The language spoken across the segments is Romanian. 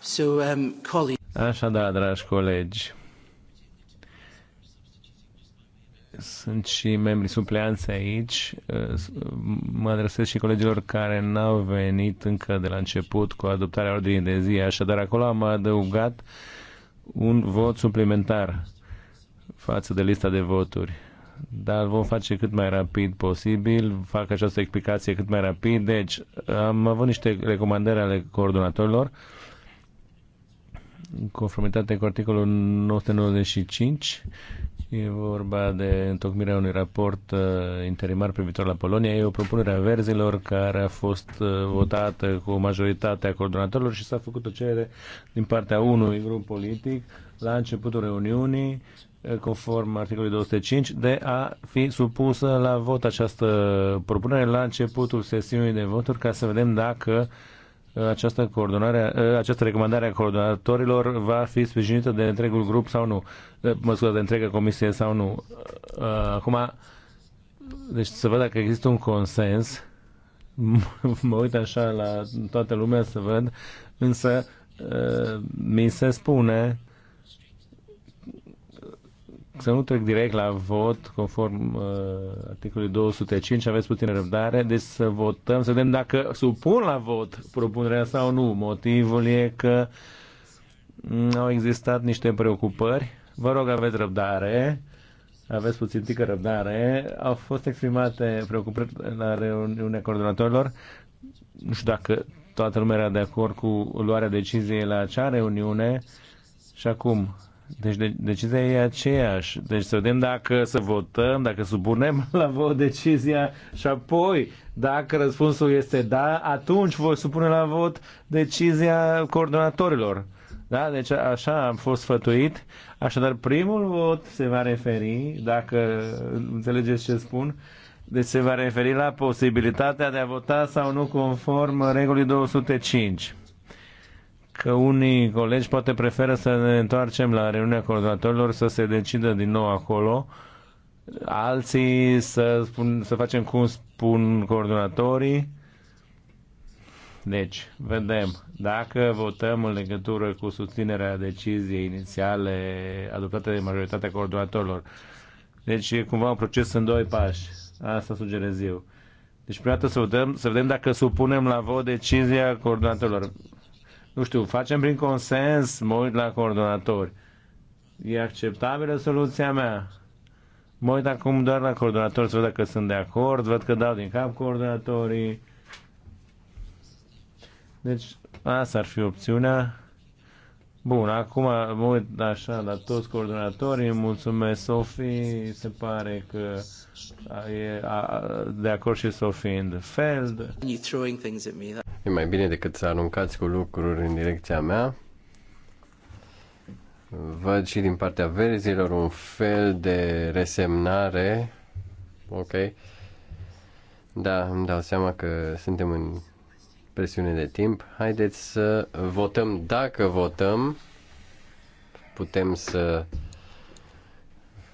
So, um, Așadar, dragi colegi, sunt și membrii supleanți aici. Mă adresez și colegilor care n-au venit încă de la început cu adoptarea ordinii de zi, așadar acolo am adăugat un vot suplimentar față de lista de voturi dar vom face cât mai rapid posibil, fac această explicație cât mai rapid. Deci, am avut niște recomandări ale coordonatorilor în conformitate cu articolul 995 E vorba de întocmirea unui raport uh, interimar privitor la Polonia. E o propunere a verzilor care a fost uh, votată cu majoritatea coordonatorilor și s-a făcut o cerere din partea unui grup politic la începutul reuniunii conform articolului 205, de a fi supusă la vot această propunere la începutul sesiunii de voturi ca să vedem dacă uh, această, coordonare, uh, această recomandare a coordonatorilor va fi sprijinită de întregul grup sau nu, mă scuze, de întreaga comisie sau nu. Uh, acum, deci să văd dacă există un consens, mă uit așa la toată lumea să văd, însă mi se spune să nu trec direct la vot conform uh, articolului 205, aveți puțină răbdare, deci să votăm, să vedem dacă supun la vot propunerea sau nu. Motivul e că au existat niște preocupări. Vă rog, aveți răbdare aveți puțin tică răbdare. Au fost exprimate preocupări la reuniunea coordonatorilor. Nu știu dacă toată lumea era de acord cu luarea deciziei la acea reuniune. Și acum, deci de, decizia e aceeași. Deci să vedem dacă să votăm, dacă supunem la vot decizia și apoi, dacă răspunsul este da, atunci voi supune la vot decizia coordonatorilor. Da? Deci așa am fost sfătuit. Așadar, primul vot se va referi, dacă înțelegeți ce spun, deci se va referi la posibilitatea de a vota sau nu conform regulii 205 că unii colegi poate preferă să ne întoarcem la reuniunea coordonatorilor, să se decidă din nou acolo, alții să, spun, să facem cum spun coordonatorii. Deci, vedem. Dacă votăm în legătură cu susținerea deciziei inițiale adoptate de majoritatea coordonatorilor, deci e cumva un proces în doi pași. Asta sugerez eu. Deci, prima dată să vedem, să vedem dacă supunem la vot decizia coordonatorilor nu știu, facem prin consens, mă uit la coordonatori. E acceptabilă soluția mea. Mă uit acum doar la coordonatori să văd dacă sunt de acord, văd că dau din cap coordonatorii. Deci, asta ar fi opțiunea. Bun, acum mă uit așa la toți coordonatorii, mulțumesc Sofie, se pare că e de acord și Sofie în the E mai bine decât să aruncați cu lucruri în direcția mea. Văd și din partea verzilor un fel de resemnare. Ok. Da, îmi dau seama că suntem în presiune de timp. Haideți să votăm. Dacă votăm, putem să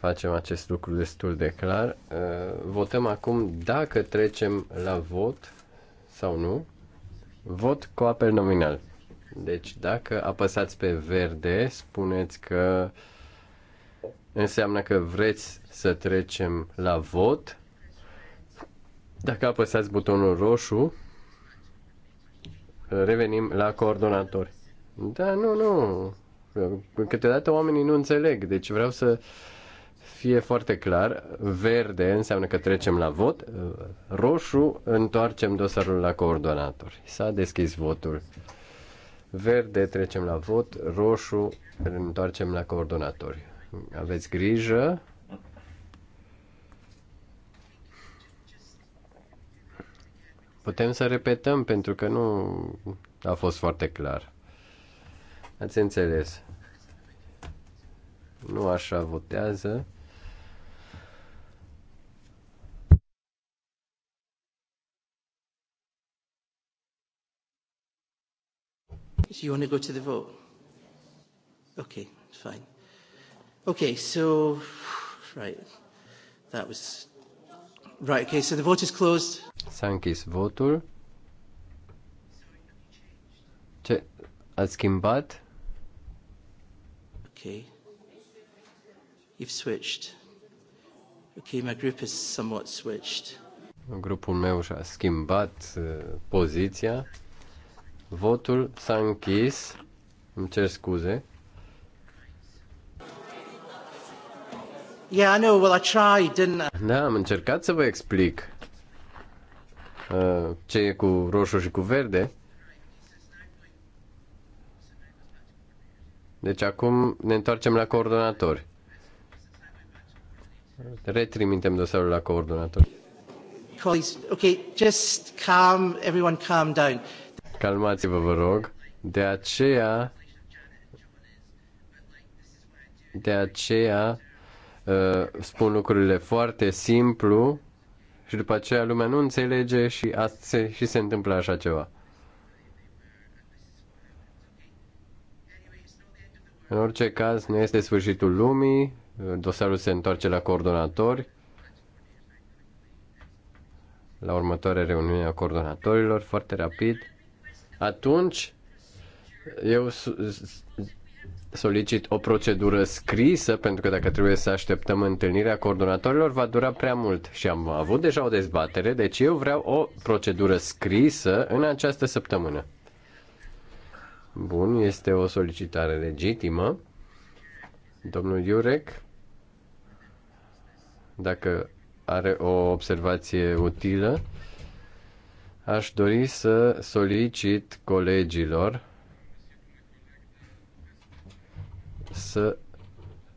facem acest lucru destul de clar. Uh, votăm acum dacă trecem la vot sau nu. Vot cu apel nominal. Deci dacă apăsați pe verde, spuneți că înseamnă că vreți să trecem la vot. Dacă apăsați butonul roșu, revenim la coordonatori. Da, nu, nu. Câteodată oamenii nu înțeleg, deci vreau să fie foarte clar. Verde înseamnă că trecem la vot, roșu întoarcem dosarul la coordonatori. S-a deschis votul. Verde trecem la vot, roșu întoarcem la coordonatori. Aveți grijă Putem să repetăm pentru că nu a fost foarte clar. Ați înțeles. Nu așa votează. So you want to go to the vote? Okay, fine. Okay, so, right, that was Right, okay, so the vote is closed. S-a închis votul. Ce ați schimbat? Okay. You've switched. Okay, my group is somewhat switched. Grupul meu și-a schimbat uh, poziția. Votul s-a închis. Îmi cer scuze. Yeah, I know. Well, I tried, didn't I? Da, am încercat să vă explic uh, ce e cu roșu și cu verde. Deci acum ne întoarcem la coordonatori. Retrimitem dosarul la coordonatori. Colleagues, okay, just calm, everyone calm down. Calmați-vă, vă rog. De aceea, de aceea Uh, spun lucrurile foarte simplu și după aceea lumea nu înțelege și, asta se, și se întâmplă așa ceva. În orice caz, nu este sfârșitul lumii, uh, dosarul se întoarce la coordonatori, la următoarea reuniune a coordonatorilor, foarte rapid. Atunci, eu solicit o procedură scrisă, pentru că dacă trebuie să așteptăm întâlnirea coordonatorilor, va dura prea mult și am avut deja o dezbatere, deci eu vreau o procedură scrisă în această săptămână. Bun, este o solicitare legitimă. Domnul Iurec, dacă are o observație utilă, aș dori să solicit colegilor să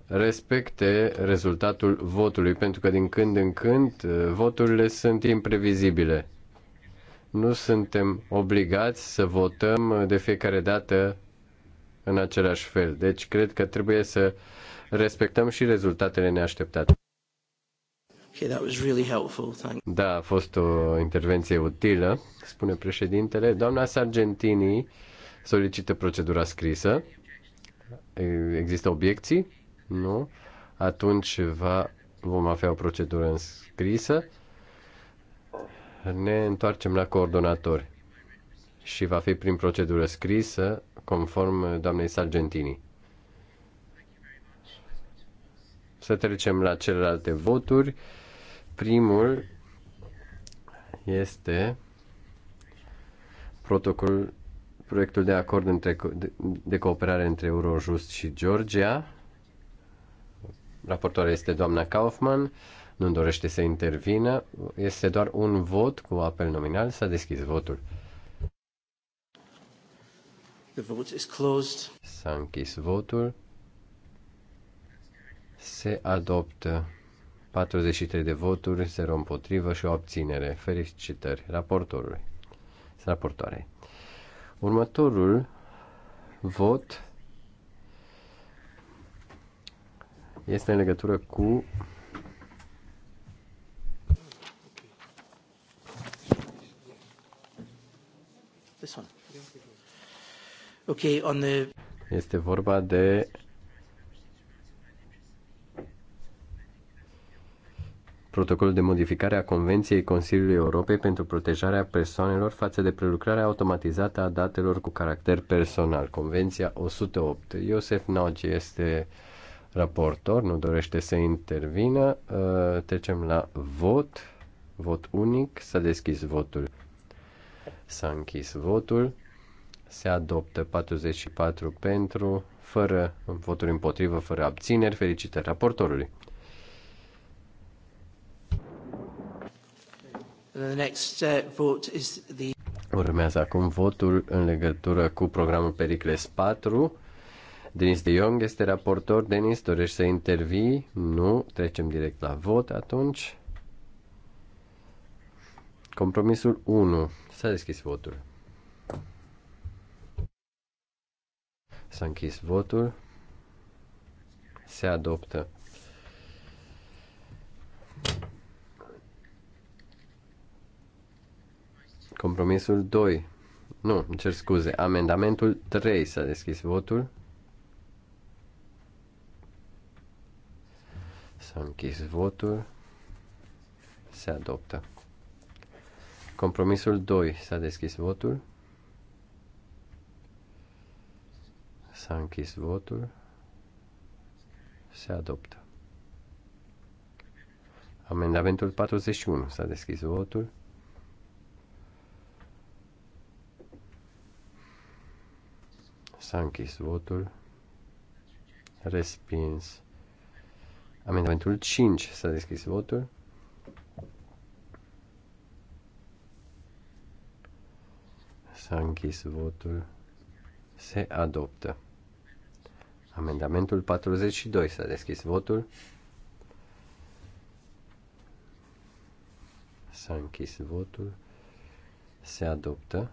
respecte rezultatul votului, pentru că din când în când uh, voturile sunt imprevizibile. Nu suntem obligați să votăm uh, de fiecare dată în același fel. Deci cred că trebuie să respectăm și rezultatele neașteptate. Okay, that was really helpful. Thank da, a fost o intervenție utilă, spune președintele. Doamna Sargentini solicită procedura scrisă. Există obiecții? Nu? Atunci va, vom avea o procedură înscrisă. Ne întoarcem la coordonatori și va fi prin procedură scrisă, conform doamnei Sargentini. Să trecem la celelalte voturi. Primul este protocolul proiectul de acord între, de, de cooperare între Eurojust și Georgia. Raportoarea este doamna Kaufman, nu dorește să intervină. Este doar un vot cu apel nominal. S-a deschis votul. The vote is closed. S-a închis votul. Se adoptă 43 de voturi, 0 împotrivă și o abținere. Felicitări raportorului. Raportoarei. Următorul vot este în legătură cu Este vorba de protocolul de modificare a Convenției Consiliului Europei pentru protejarea persoanelor față de prelucrarea automatizată a datelor cu caracter personal, Convenția 108. Iosef Nagy este raportor, nu dorește să intervină. Uh, trecem la vot. Vot unic. S-a deschis votul. S-a închis votul. Se adoptă 44 pentru, fără voturi împotrivă, fără abțineri. Felicitări raportorului. Uh, Urmează acum votul în legătură cu programul Pericles 4. Denis de Jong este raportor. Denis, dorești să intervii? Nu. Trecem direct la vot atunci. Compromisul 1. S-a deschis votul. S-a închis votul. Se adoptă. Compromisul 2. Nu, îmi cer scuze. Amendamentul 3 s-a deschis votul. S-a închis votul. Se adoptă. Compromisul 2 s-a deschis votul. S-a închis votul. Se adoptă. Amendamentul 41 s-a deschis votul. S-a închis votul. Respins. Amendamentul 5. S-a deschis votul. S-a închis votul. Se adoptă. Amendamentul 42. S-a deschis votul. S-a închis votul. Se adoptă.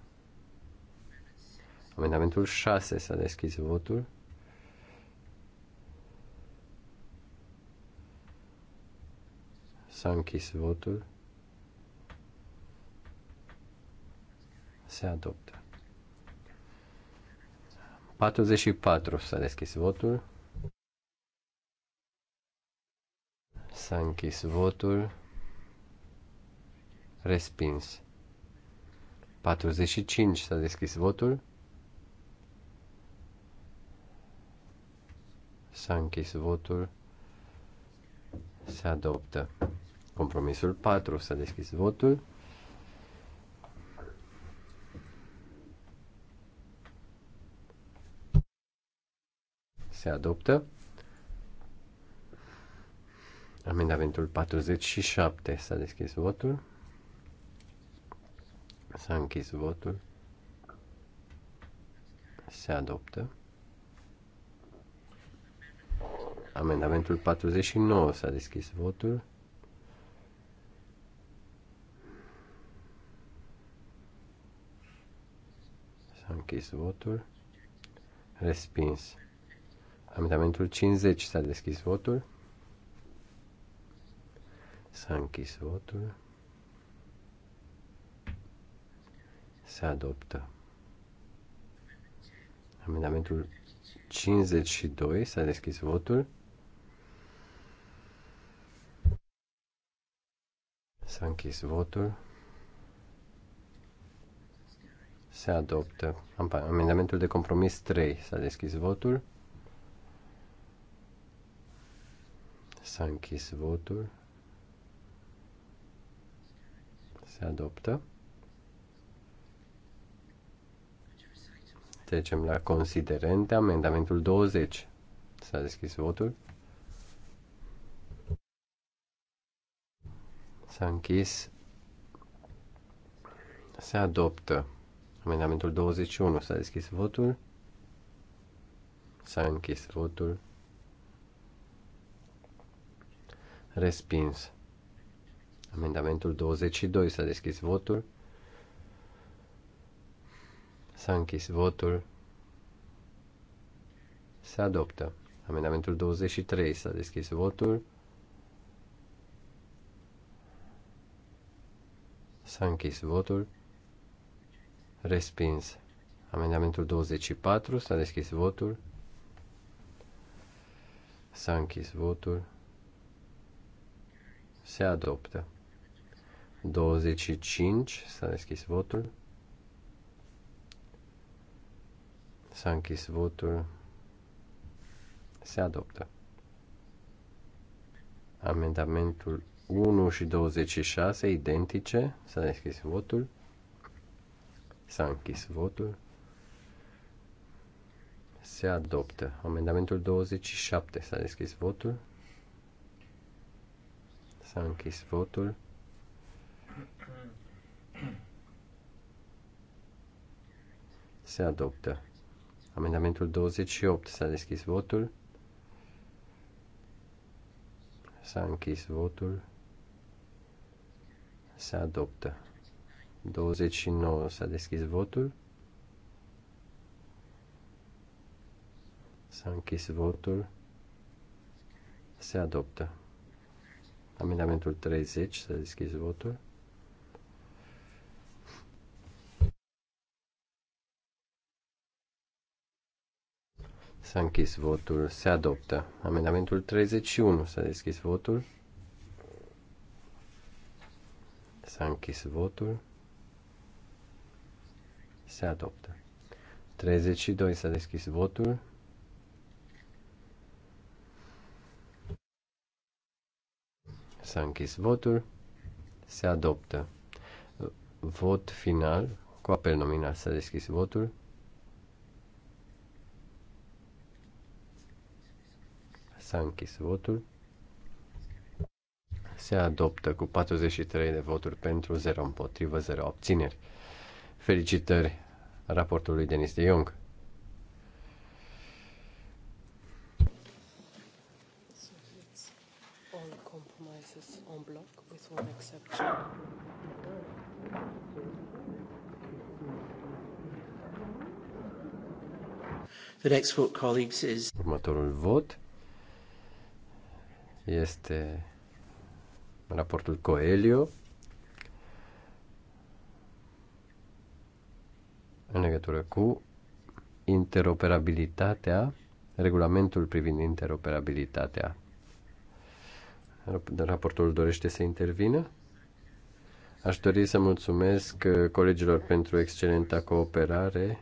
Amendamentul 6 s-a deschis votul. S-a închis votul. Se adoptă. 44 s-a deschis votul. S-a închis votul. Respins. 45 s-a deschis votul. S-a închis votul. Se adoptă. Compromisul 4. S-a deschis votul. Se adoptă. Amendamentul 47. S-a deschis votul. S-a închis votul. Se adoptă. Amendamentul 49 s-a deschis votul. S-a închis votul. Respins. Amendamentul 50 s-a deschis votul. S-a închis votul. Se adoptă. Amendamentul 52 s-a deschis votul. S-a închis votul. Se adoptă. Amendamentul de compromis 3. S-a deschis votul. S-a închis votul. Se adoptă. Trecem la considerente. Amendamentul 20. S-a deschis votul. S-a închis. Se adoptă. Amendamentul 21. S-a deschis votul. S-a închis votul. Respins. Amendamentul 22. S-a deschis votul. S-a închis votul. Se adoptă. Amendamentul 23. S-a deschis votul. S-a închis votul. Respins. Amendamentul 24. S-a deschis votul. S-a închis votul. Se adoptă. 25. S-a deschis votul. S-a închis votul. Se adoptă. Amendamentul 1 și 26 identice. S-a deschis votul. S-a închis votul. Se adoptă. Amendamentul 27. S-a deschis votul. S-a închis votul. Se adoptă. Amendamentul 28. S-a deschis votul. S-a închis votul se adoptă. 29 s-a deschis votul. S-a închis votul. Se adoptă. Amendamentul 30 s-a deschis votul. S-a închis votul. Se adoptă. Amendamentul 31 s-a deschis votul. S-a închis votul. Se adoptă. 32 s-a deschis votul. S-a închis votul. Se adoptă. Vot final. Cu apel nominal s-a deschis votul. S-a închis votul se adoptă cu 43 de voturi pentru, 0 împotrivă, 0 abțineri. Felicitări raportului Denis de Jong. The next vote, colleagues, is... Următorul vot este raportul Coelio în legătură cu interoperabilitatea, regulamentul privind interoperabilitatea. Raportul dorește să intervină? Aș dori să mulțumesc uh, colegilor pentru excelenta cooperare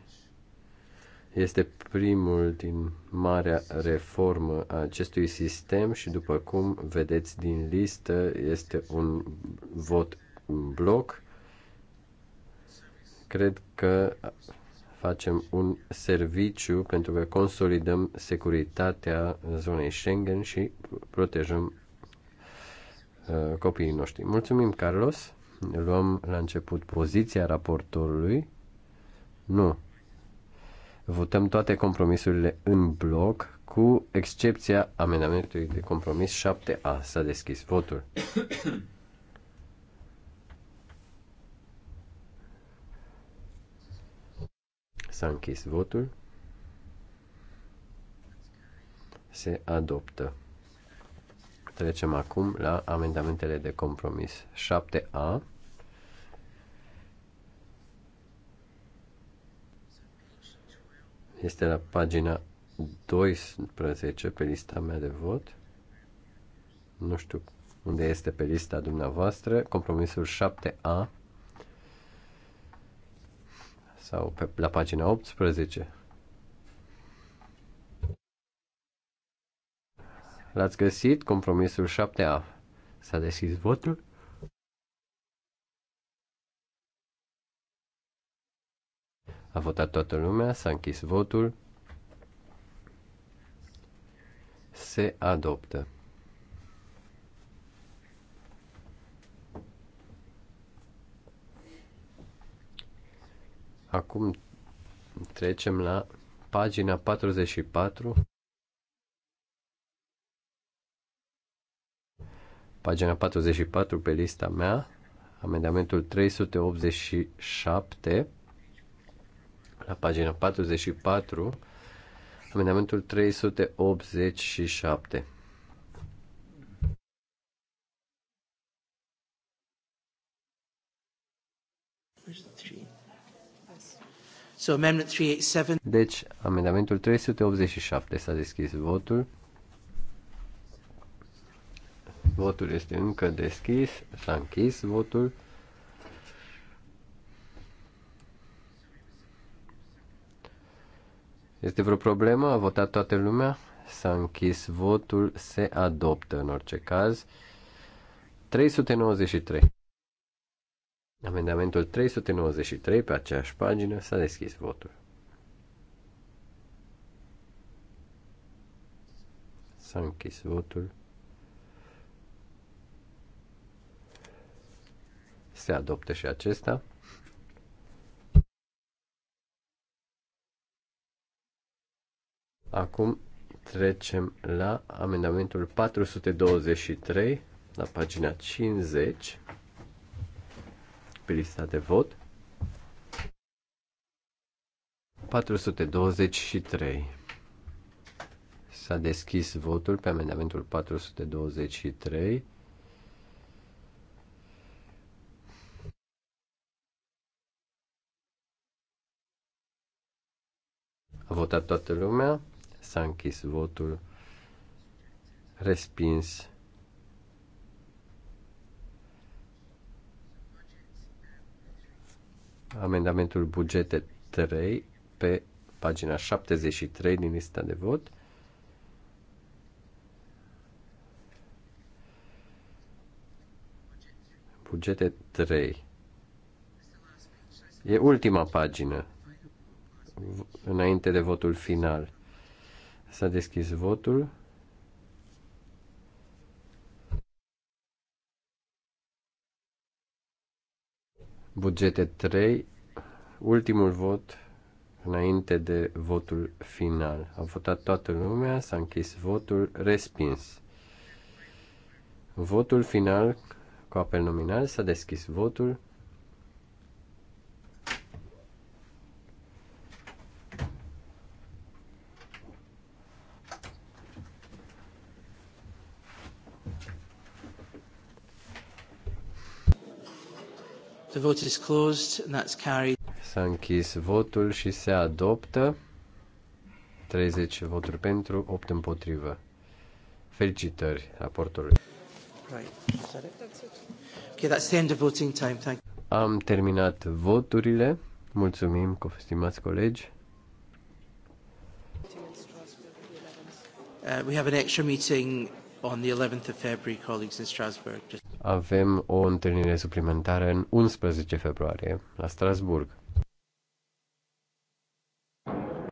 este primul din marea reformă a acestui sistem și, după cum vedeți din listă, este un vot în bloc. Cred că facem un serviciu pentru că consolidăm securitatea zonei Schengen și protejăm uh, copiii noștri. Mulțumim, Carlos. Luăm la început poziția raportorului. Nu, Votăm toate compromisurile în bloc, cu excepția amendamentului de compromis 7A. S-a deschis votul. S-a închis votul. Se adoptă. Trecem acum la amendamentele de compromis 7A. Este la pagina 12 pe lista mea de vot. Nu știu unde este pe lista dumneavoastră. Compromisul 7A sau pe, la pagina 18. L-ați găsit? Compromisul 7A. S-a deschis votul? A votat toată lumea, s-a închis votul. Se adoptă. Acum trecem la pagina 44. Pagina 44 pe lista mea, amendamentul 387 la pagina 44, amendamentul 387. So amendment 387. Deci, amendamentul 387 s-a deschis votul. Votul este încă deschis, s-a închis votul. Este vreo problemă? A votat toată lumea? S-a închis votul, se adoptă în orice caz. 393. Amendamentul 393 pe aceeași pagină s-a deschis votul. S-a închis votul. Se adoptă și acesta. Acum trecem la amendamentul 423, la pagina 50, pe lista de vot. 423. S-a deschis votul pe amendamentul 423. A votat toată lumea. S-a închis votul. Respins. Amendamentul bugete 3 pe pagina 73 din lista de vot. Bugete 3. E ultima pagină înainte de votul final. S-a deschis votul. Bugete 3, ultimul vot înainte de votul final. A votat toată lumea, s-a închis votul, respins. Votul final cu apel nominal s-a deschis votul. The vote is closed and that's carried. S-a închis votul și se adoptă 30 voturi pentru, 8 împotrivă. Felicitări raportului. Am terminat voturile. Mulțumim, stimați colegi. Uh, we have an extra meeting avem o întâlnire suplimentară în 11 februarie la Strasburg.